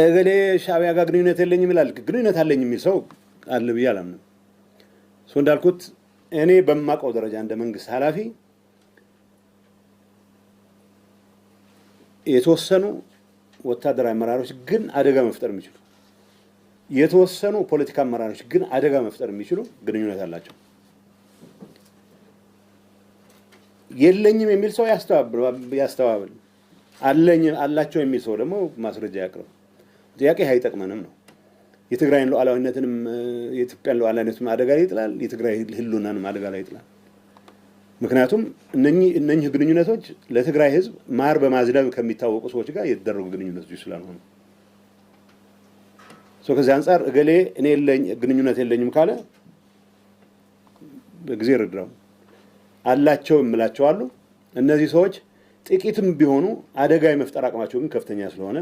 እገሌ ሻቢያ ጋር ግንኙነት የለኝም ይላል። ግንኙነት አለኝ የሚል ሰው አለ ብዬ አላምንም። ሰው እንዳልኩት እኔ በማውቀው ደረጃ እንደ መንግስት ኃላፊ የተወሰኑ ወታደራዊ አመራሮች ግን አደጋ መፍጠር የሚችሉ የተወሰኑ ፖለቲካ አመራሮች ግን አደጋ መፍጠር የሚችሉ ግንኙነት አላቸው። የለኝም የሚል ሰው ያስተባብል አለኝ አላቸው የሚል ሰው ደግሞ ማስረጃ ያቅርብ። ጥያቄ አይጠቅመንም ነው። የትግራይን ሉዓላዊነትንም የኢትዮጵያን ሉዓላዊነትም አደጋ ላይ ይጥላል፣ የትግራይ ህልውናንም አደጋ ላይ ይጥላል። ምክንያቱም እነኚህ ግንኙነቶች ለትግራይ ህዝብ ማር በማዝነብ ከሚታወቁ ሰዎች ጋር የተደረጉ ግንኙነቶች ስላልሆኑ ከዚህ አንጻር እገሌ እኔ ግንኙነት የለኝም ካለ በጊዜ ርድረው አላቸው የምላቸው አሉ። እነዚህ ሰዎች ጥቂትም ቢሆኑ አደጋ የመፍጠር አቅማቸው ግን ከፍተኛ ስለሆነ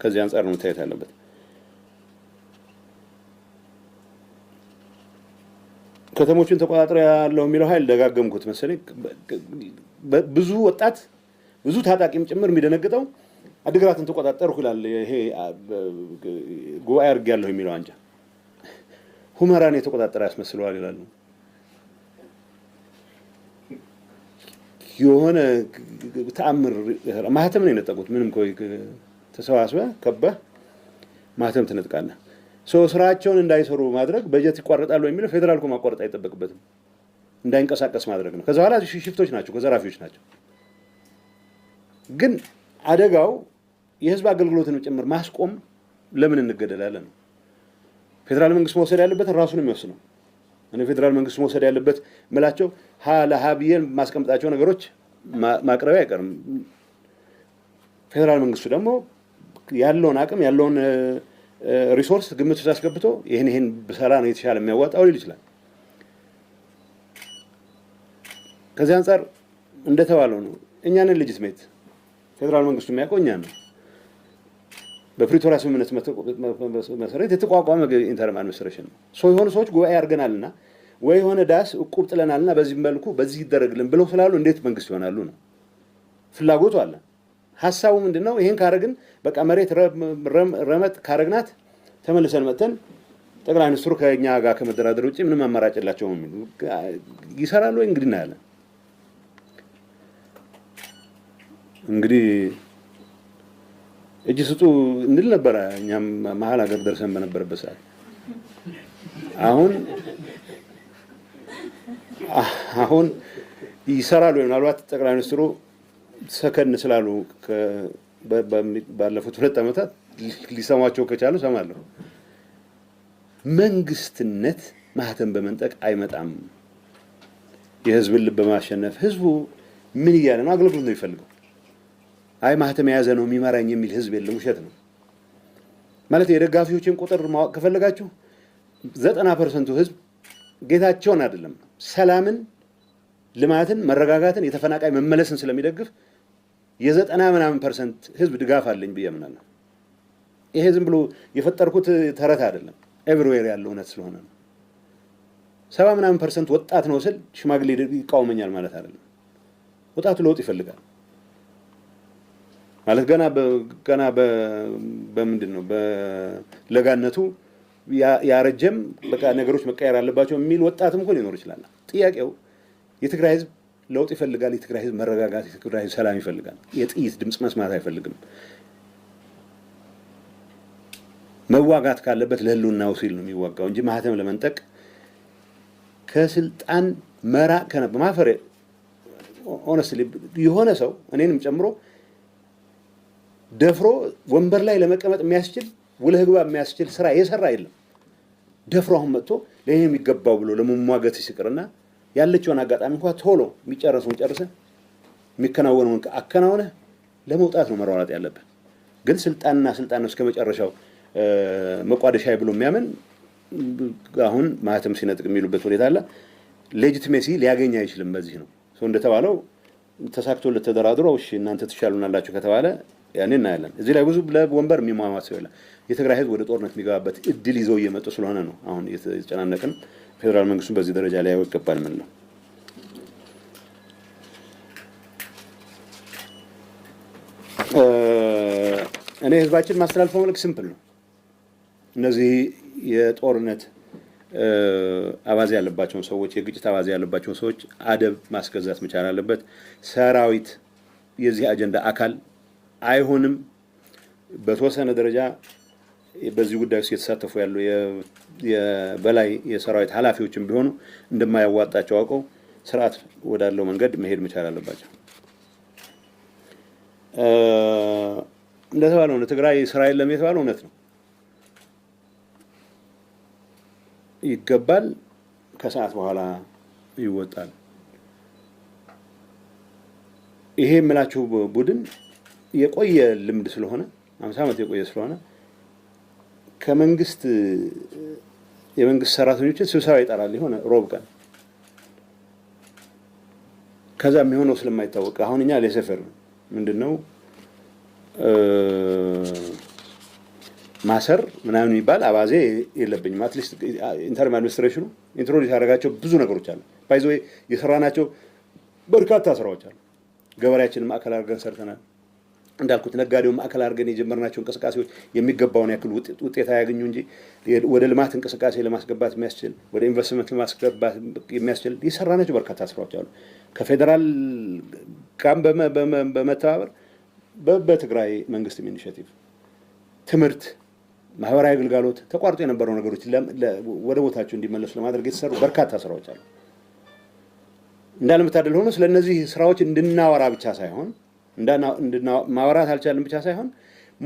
ከዚህ አንጻር ነው መታየት አለበት። ከተሞችን ተቆጣጥሮ ያለው የሚለው ኃይል ደጋገምኩት መሰለኝ። ብዙ ወጣት ብዙ ታጣቂም ጭምር የሚደነግጠው አድግራትን ተቆጣጠርኩ ይላል። ይሄ ጉባኤ አድርጌያለሁ የሚለው አንጃ ሁመራን የተቆጣጠረ ያስመስለዋል ይላሉ። የሆነ ተአምር ማህተም ነው የነጠቁት። ምንም ተሰባስበህ ከበህ ማህተም ትነጥቃለ ሰው ስራቸውን እንዳይሰሩ ማድረግ በጀት ይቋረጣሉ የሚለው ፌዴራል ማቋረጥ አይጠበቅበትም። እንዳይንቀሳቀስ ማድረግ ነው። ከዛ በኋላ ሽፍቶች ናቸው፣ ከዘራፊዎች ናቸው። ግን አደጋው የህዝብ አገልግሎትን ጭምር ማስቆም ለምን እንገደላለን ነው። ፌዴራል መንግስት መውሰድ ያለበትን ራሱን የሚወስነው እኔ ፌዴራል መንግስት መውሰድ ያለበት ምላቸው ሀ ለሀ ብዬ ማስቀምጣቸው ነገሮች ማቅረብ አይቀርም። ፌዴራል መንግስቱ ደግሞ ያለውን አቅም ያለውን ሪሶርስ ግምት ውስጥ አስገብቶ ይህን ይህን ብሰራ ነው የተሻለ የሚያዋጣው ሊል ይችላል። ከዚህ አንጻር እንደተባለው ነው። እኛንን ሌጂትሜት ፌዴራል መንግስቱ የሚያውቀው እኛ ነው። በፕሪቶሪያ ስምምነት መሰረት የተቋቋመ ኢንተርም አድሚኒስትሬሽን ነው። ሰው የሆኑ ሰዎች ጉባኤ አድርገናልና ወይ የሆነ ዳስ እቁብ ጥለናልና በዚህ መልኩ በዚህ ይደረግልን ብለው ስላሉ እንዴት መንግስት ይሆናሉ ነው ፍላጎቱ አለ። ሀሳቡ ምንድን ነው? ይህን ካረግን በቃ መሬት ረመጥ ካረግናት ተመልሰን መጥተን ጠቅላይ ሚኒስትሩ ከኛ ጋር ከመደራደር ውጭ ምንም አማራጭ የላቸውም የሚሉ ይሰራሉ ወይ እንግዲህ እናያለን። እንግዲህ እጅ ስጡ እንል ነበረ እኛም መሀል ሀገር ደርሰን በነበረበት ሰዓት አሁን አሁን ይሰራሉ። ምናልባት ጠቅላይ ሚኒስትሩ ሰከን ስላሉ ባለፉት ሁለት ዓመታት ሊሰማቸው ከቻሉ ሰማለሁ። መንግስትነት ማህተም በመንጠቅ አይመጣም። የህዝብን ልብ በማሸነፍ ህዝቡ ምን እያለ ነው? አገልግሎት ነው የሚፈልገው። አይ ማህተም የያዘ ነው የሚመራኝ የሚል ህዝብ የለም። ውሸት ነው ማለት የደጋፊዎችን ቁጥር ማወቅ ከፈለጋችሁ ዘጠና ፐርሰንቱ ህዝብ ጌታቸውን አይደለም ሰላምን፣ ልማትን፣ መረጋጋትን፣ የተፈናቃይ መመለስን ስለሚደግፍ የዘጠና ምናምን ፐርሰንት ህዝብ ድጋፍ አለኝ ብዬ አምናለሁ። ይሄ ዝም ብሎ የፈጠርኩት ተረት አይደለም፣ ኤቭሪዌር ያለው እውነት ስለሆነ ነው። ሰባ ምናምን ፐርሰንት ወጣት ነው ስል ሽማግሌ ይቃወመኛል ማለት አይደለም። ወጣቱ ለውጥ ይፈልጋል ማለት ገና ገና በምንድን ነው በለጋነቱ ያረጀም በቃ ነገሮች መቀየር አለባቸው የሚል ወጣትም እኮ ሊኖር ይችላል። ጥያቄው የትግራይ ህዝብ ለውጥ ይፈልጋል። የትግራይ ህዝብ መረጋጋት፣ የትግራይ ህዝብ ሰላም ይፈልጋል። የጥይት ድምፅ መስማት አይፈልግም። መዋጋት ካለበት ለህልውናው ሲል ነው የሚዋጋው እንጂ ማህተም ለመንጠቅ ከስልጣን መራቅ ከነበ ማፈሬ ኦነስትሊ የሆነ ሰው እኔንም ጨምሮ ደፍሮ ወንበር ላይ ለመቀመጥ የሚያስችል ውለህ ግባ የሚያስችል ስራ የሰራ የለም። ደፍሮ አሁን መጥቶ ለእኔ የሚገባው ብሎ ለመሟገት ሲቅርና ያለችውን አጋጣሚ እንኳ ቶሎ የሚጨረሰውን ጨርሰ የሚከናወነውን አከናውነ ለመውጣት ነው መሯሯጥ ያለብን። ግን ስልጣንና ስልጣን ነው እስከ መጨረሻው መቋደሻ ብሎ የሚያምን አሁን ማህተም ሲነጥቅ የሚሉበት ሁኔታ አለ። ሌጅትሜሲ ሊያገኝ አይችልም። በዚህ ነው እንደተባለው ተሳክቶለት ተደራድሮ እሺ እናንተ ትሻሉናላችሁ ከተባለ ያኔ እናያለን። እዚህ ላይ ብዙ ለወንበር የሚሟማ ሰው የለም። የትግራይ ህዝብ ወደ ጦርነት የሚገባበት እድል ይዘው እየመጡ ስለሆነ ነው አሁን የተጨናነቅን። ፌዴራል መንግስቱን በዚህ ደረጃ ላይ ያው ይገባል ምን ነው እኔ ህዝባችን ማስተላልፈው መልክ ስምፕል ነው። እነዚህ የጦርነት አባዜ ያለባቸውን ሰዎች የግጭት አባዜ ያለባቸውን ሰዎች አደብ ማስገዛት መቻል አለበት። ሰራዊት የዚህ አጀንዳ አካል አይሆንም። በተወሰነ ደረጃ በዚህ ጉዳይ ውስጥ የተሳተፉ ያሉ የበላይ የሰራዊት ኃላፊዎችም ቢሆኑ እንደማያዋጣቸው አውቀው ስርዓት ወዳለው መንገድ መሄድ መቻል አለባቸው። እንደተባለው ነው። ትግራይ ስራ የለም የተባለ እውነት ነው። ይገባል። ከሰዓት በኋላ ይወጣል። ይሄ የምላችሁ ቡድን የቆየ ልምድ ስለሆነ አምሳ ዓመት የቆየ ስለሆነ ከመንግስት የመንግስት ሰራተኞችን ስብሰባ ይጠራል የሆነ ሮብ ቀን ከዛ የሚሆነው ስለማይታወቅ አሁን እኛ ሌሰፌር ምንድን ነው ማሰር ምናምን የሚባል አባዜ የለብኝም። አትሊስት ኢንተርም አድሚኒስትሬሽኑ ኢንትሮዲስ ያደረጋቸው ብዙ ነገሮች አሉ። ባይዘ የሰራናቸው በርካታ ስራዎች አሉ። ገበሬያችንን ማዕከል አድርገን ሰርተናል። እንዳልኩት ነጋዴው ማዕከል አድርገን የጀመርናቸው እንቅስቃሴዎች የሚገባውን ያክል ውጤት አያገኙ እንጂ ወደ ልማት እንቅስቃሴ ለማስገባት የሚያስችል ወደ ኢንቨስትመንት ለማስገባት የሚያስችል የሰራናቸው በርካታ ስራዎች አሉ። ከፌዴራል ጋር በመተባበር በትግራይ መንግስት ኢኒሽቲቭ ትምህርት፣ ማህበራዊ አገልግሎት ተቋርጦ የነበረው ነገሮች ወደ ቦታቸው እንዲመለሱ ለማድረግ የተሰሩ በርካታ ስራዎች አሉ። እንዳለመታደል ሆኖ ስለነዚህ ስራዎች እንድናወራ ብቻ ሳይሆን ማውራት አልቻለን ብቻ ሳይሆን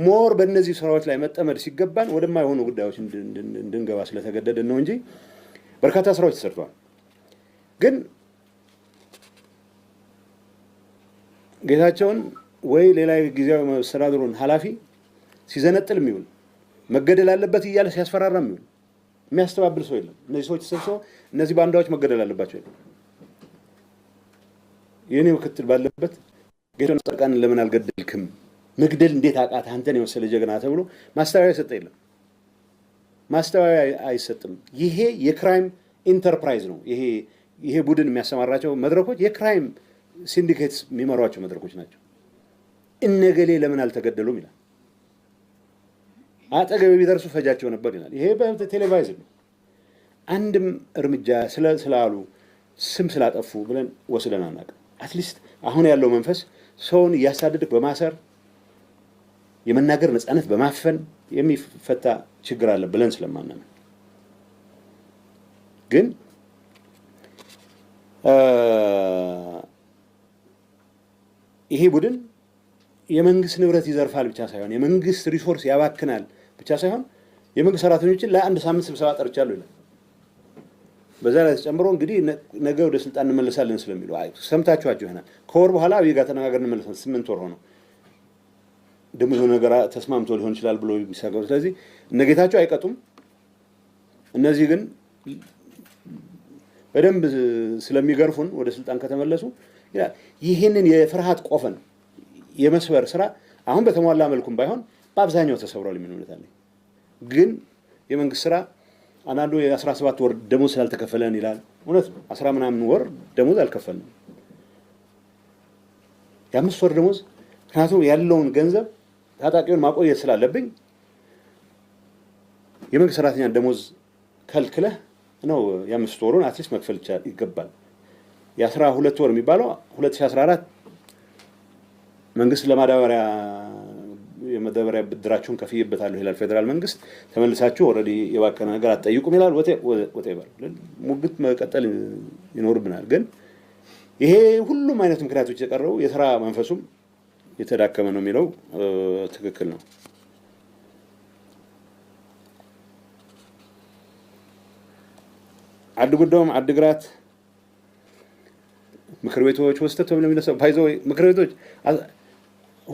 ሞር በእነዚህ ስራዎች ላይ መጠመድ ሲገባን ወደማይሆኑ ጉዳዮች እንድንገባ ስለተገደድን ነው እንጂ በርካታ ስራዎች ተሰርተዋል። ግን ጌታቸውን ወይ ሌላ ጊዜያዊ መስተዳድሩን ኃላፊ ሲዘነጥል የሚውል መገደል አለበት እያለ ሲያስፈራራ የሚውል የሚያስተባብል ሰው የለም። እነዚህ ሰዎች ተሰብሶ እነዚህ ባንዳዎች መገደል አለባቸው የለም የእኔ ምክትል ባለበት ጌታን ጻድቃንን ለምን አልገደልክም? መግደል እንዴት አቃት? አንተን የመሰለ ጀግና ተብሎ ማስተባበያ የሰጠ የለም። ማስተባበያ አይሰጥም። ይሄ የክራይም ኢንተርፕራይዝ ነው። ይሄ ይሄ ቡድን የሚያሰማራቸው መድረኮች የክራይም ሲንዲኬትስ የሚመሯቸው መድረኮች ናቸው። እነገሌ ለምን አልተገደሉም ይላል። አጠገቤ ቢደርሱ ፈጃቸው ነበር ይላል። ይሄ በቴሌቫይዝ ነው። አንድም እርምጃ ስላሉ ስም ስላጠፉ ብለን ወስደን አናውቅም። አትሊስት አሁን ያለው መንፈስ ሰውን እያሳደድክ በማሰር የመናገር ነፃነት በማፈን የሚፈታ ችግር አለ ብለን ስለማናምን ግን ይሄ ቡድን የመንግስት ንብረት ይዘርፋል ብቻ ሳይሆን የመንግስት ሪሶርስ ያባክናል ብቻ ሳይሆን የመንግስት ሰራተኞችን ለአንድ ሳምንት ስብሰባ ጠርቻለሁ ይላል። በዛ ላይ ተጨምሮ እንግዲህ ነገ ወደ ስልጣን እንመለሳለን ስለሚሉ ሰምታችኋቸው ይሆናል። ከወር በኋላ አብይ ጋር ተነጋገር እንመለሳለን። ስምንት ወር ሆነው ደግሞ የሆነ ነገር ተስማምቶ ሊሆን ይችላል ብሎ የሚሳገሩ ስለዚህ እነ ጌታቸው አይቀጡም። እነዚህ ግን በደንብ ስለሚገርፉን ወደ ስልጣን ከተመለሱ ይላል። ይህንን የፍርሃት ቆፈን የመስበር ስራ አሁን በተሟላ መልኩም ባይሆን በአብዛኛው ተሰብሯል የሚል እምነት አለኝ። ግን የመንግስት ስራ አንዳንዱ የ17 ወር ደሞዝ ስላልተከፈለን ይላል። እውነት ነው። አስራ ምናምን ወር ደሞዝ አልከፈልንም። የአምስት ወር ደሞዝ ምክንያቱም ያለውን ገንዘብ ታጣቂውን ማቆየት ስላለብኝ የመንግስት ሰራተኛን ደሞዝ ከልክለህ ነው የአምስት ወሩን አትሊስት መክፈል ይገባል። የአስራ ሁለት ወር የሚባለው አራት መንግስት ለማዳበሪያ የመደበሪያ ብድራችሁን ከፍይበታለሁ ይላል ፌዴራል መንግስት። ተመልሳችሁ ኦልሬዲ የባከነ ነገር አትጠይቁም ይላል። ወቴቨር ሙግት መቀጠል ይኖርብናል። ግን ይሄ ሁሉም አይነት ምክንያቶች የቀረቡ የስራ መንፈሱም የተዳከመ ነው የሚለው ትክክል ነው። አድ ጉዳዩም ግራት ምክር ቤቶች ወስተት ወይም ለሚነሳ ባይዘው ምክር ቤቶች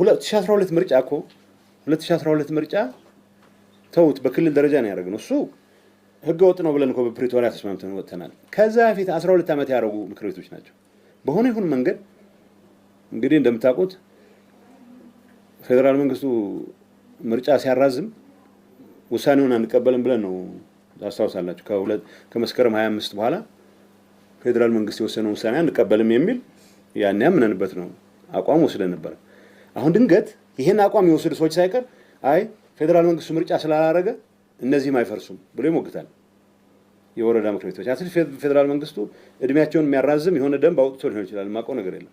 2012 ምርጫ እኮ 2012 ምርጫ ተውት፣ በክልል ደረጃ ነው ያደረግነው። እሱ ህገ ወጥ ነው ብለን እኮ በፕሪቶሪያ ተስማምተን ወጥተናል። ከዛ በፊት 12 ዓመት ያደረጉ ምክር ቤቶች ናቸው። በሆነ ይሁን መንገድ እንግዲህ እንደምታውቁት ፌዴራል መንግስቱ ምርጫ ሲያራዝም ውሳኔውን አንቀበልም ብለን ነው ታስታውሳላችሁ። ከመስከረም 25 በኋላ ፌዴራል መንግስት የወሰነውን ውሳኔ አንቀበልም የሚል ያን ያምነንበት ነው አቋም ወስደን ነበር። አሁን ድንገት ይህን አቋም የወሰዱ ሰዎች ሳይቀር አይ ፌዴራል መንግስቱ ምርጫ ስላላረገ እነዚህም አይፈርሱም ብሎ ይሞግታል። የወረዳ ምክር ቤቶች አስ ፌዴራል መንግስቱ እድሜያቸውን የሚያራዝም የሆነ ደንብ አውጥቶ ሊሆን ይችላል። የማውቀው ነገር የለም።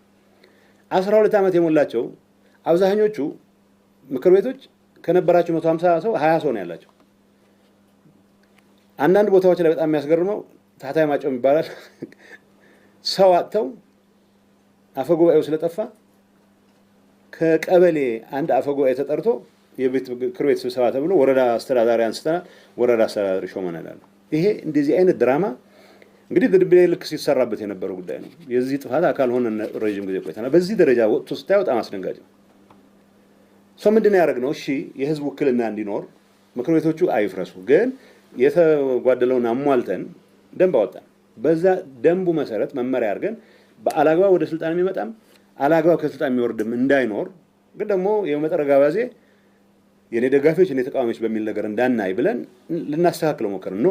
አስራ ሁለት ዓመት የሞላቸው አብዛኞቹ ምክር ቤቶች ከነበራቸው መቶ ሀምሳ ሰው ሀያ ሰው ነው ያላቸው። አንዳንድ ቦታዎች ላይ በጣም የሚያስገርመው ታህታይ ማጨው ይባላል ሰው አጥተው አፈጉባኤው ስለጠፋ ከቀበሌ አንድ አፈጉባኤ ተጠርቶ የምክር ቤት ስብሰባ ተብሎ ወረዳ አስተዳዳሪ አንስተናል፣ ወረዳ አስተዳዳሪ ሾመናል አሉ። ይሄ እንደዚህ አይነት ድራማ እንግዲህ ግድብ ልክ ሲሰራበት የነበረው ጉዳይ ነው። የዚህ ጥፋት አካል ሆነ ረዥም ጊዜ ቆይተናል። በዚህ ደረጃ ወጥቶ ስታይ በጣም አስደንጋጭ ነው። ሰው ምንድን ያደረግነው? እሺ የህዝብ ውክልና እንዲኖር ምክር ቤቶቹ አይፍረሱ፣ ግን የተጓደለውን አሟልተን ደንብ አወጣን። በዛ ደንቡ መሰረት መመሪያ አድርገን በአላግባብ ወደ ስልጣን የሚመጣም አላግባብ ከስልጣን የሚወርድም እንዳይኖር ግን ደግሞ የመጠረ ጋባዜ የእኔ ደጋፊዎች እኔ ተቃዋሚዎች በሚል ነገር እንዳናይ ብለን ልናስተካክለው ሞከርን። ኖ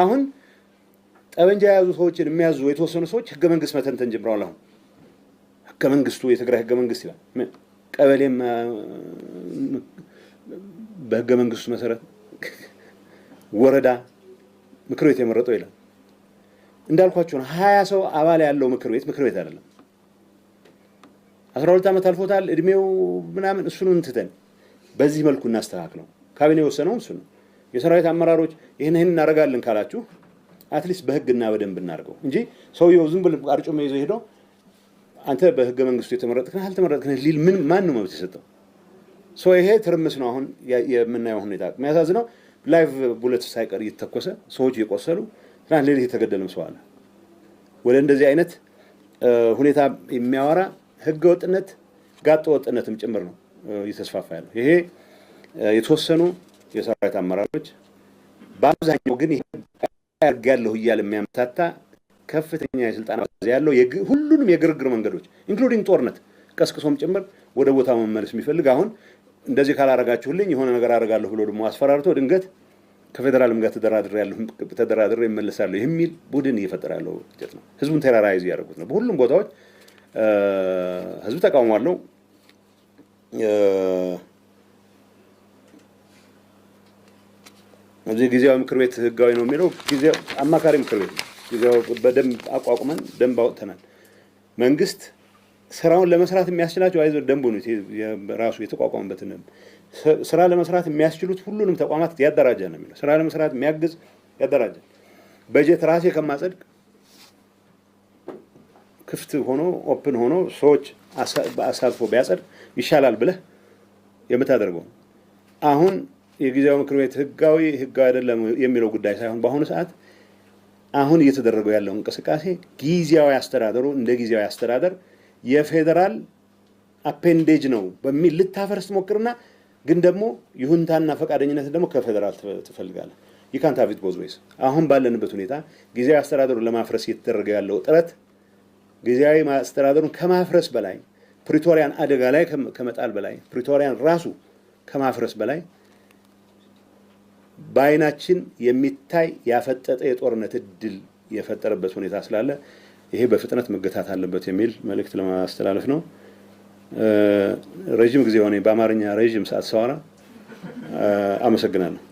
አሁን ጠበንጃ የያዙ ሰዎችን የሚያዙ የተወሰኑ ሰዎች ህገ መንግስት መተንተን ጀምረዋል። አሁን ህገ መንግስቱ የትግራይ ህገ መንግስት ይላል። ቀበሌም በህገ መንግስቱ መሰረት ወረዳ ምክር ቤት የመረጠው ይላል። ነው። ሀያ ሰው አባል ያለው ምክር ቤት ምክር ቤት አይደለም። አስራ ሁለት ዓመት አልፎታል እድሜው ምናምን እሱን እንትተን በዚህ መልኩ እናስተካክለው። ካቢኔ የወሰነው እሱ ነው። የሰራዊት አመራሮች ይህን ይህን እናደርጋለን ካላችሁ አትሊስት በህግና በደንብ እናደርገው እንጂ ሰውየው ዝም ብል አርጮ መይዞ ሄዶ አንተ በህገ መንግስቱ የተመረጥክን አልተመረጥክን ሊል ምን ማን ነው መብት የሰጠው? ሰው ይሄ ትርምስ ነው አሁን የምናየው ሁኔታ። የሚያሳዝነው ላይቭ ቡለት ሳይቀር እየተተኮሰ ሰዎች እየቆሰሉ ትናንት ሌሊት የተገደለም ሰው አለ። ወደ እንደዚህ አይነት ሁኔታ የሚያወራ ህገ ወጥነት ጋጠ ወጥነትም ጭምር ነው እየተስፋፋ ያለው። ይሄ የተወሰኑ የሰራዊት አመራሮች በአብዛኛው ግን ይሄ ያለሁ እያለ የሚያምታታ ከፍተኛ የስልጣን ያለው ሁሉንም የግርግር መንገዶች ኢንክሉዲንግ ጦርነት ቀስቅሶም ጭምር ወደ ቦታ መመለስ የሚፈልግ አሁን እንደዚህ ካላረጋችሁልኝ የሆነ ነገር አደርጋለሁ ብሎ ደግሞ አስፈራርቶ ድንገት ከፌዴራልም ጋር ተደራድሬ ይመለሳለሁ የሚል ቡድን እየፈጠረ ያለው ውጤት ነው። ህዝቡን ቴራራይዝ እያደረጉት ነው በሁሉም ቦታዎች። ህዝብ ተቃውሞ አለው። እዚህ ጊዜያዊ ምክር ቤት ህጋዊ ነው የሚለው ጊዜያዊ አማካሪ ምክር ቤት ነው። ጊዜያዊ በደንብ አቋቁመን ደንብ አወጥተናል። መንግስት ስራውን ለመስራት የሚያስችላቸው አይዞ ደንቡ ነው ራሱ የተቋቋመበትን ስራ ለመስራት የሚያስችሉት ሁሉንም ተቋማት ያደራጃ ነው የሚለው ስራ ለመስራት የሚያግዝ ያደራጃል። በጀት ራሴ ከማጸድቅ ክፍት ሆኖ ኦፕን ሆኖ ሰዎች አሳትፎ ቢያጸድ ይሻላል ብለህ የምታደርገው አሁን የጊዜያዊ ምክር ቤት ህጋዊ ህጋዊ አይደለም የሚለው ጉዳይ ሳይሆን በአሁኑ ሰዓት አሁን እየተደረገው ያለው እንቅስቃሴ ጊዜያዊ አስተዳደሩ እንደ ጊዜያዊ አስተዳደር የፌዴራል አፔንዴጅ ነው በሚል ልታፈርስ ሞክርና ግን ደግሞ ይሁንታና ፈቃደኝነት ደግሞ ከፌዴራል ትፈልጋለ ይካንታቪት ቦዝ አሁን ባለንበት ሁኔታ ጊዜያዊ አስተዳደሩ ለማፍረስ እየተደረገ ያለው ጥረት ጊዜያዊ ማስተዳደሩን ከማፍረስ በላይ ፕሪቶሪያን አደጋ ላይ ከመጣል በላይ ፕሪቶሪያን ራሱ ከማፍረስ በላይ በአይናችን የሚታይ ያፈጠጠ የጦርነት እድል የፈጠረበት ሁኔታ ስላለ ይሄ በፍጥነት መገታት አለበት የሚል መልእክት ለማስተላለፍ ነው። ረዥም ጊዜ ሆነ በአማርኛ ረዥም ሰዓት ሰዋራ። አመሰግናለሁ።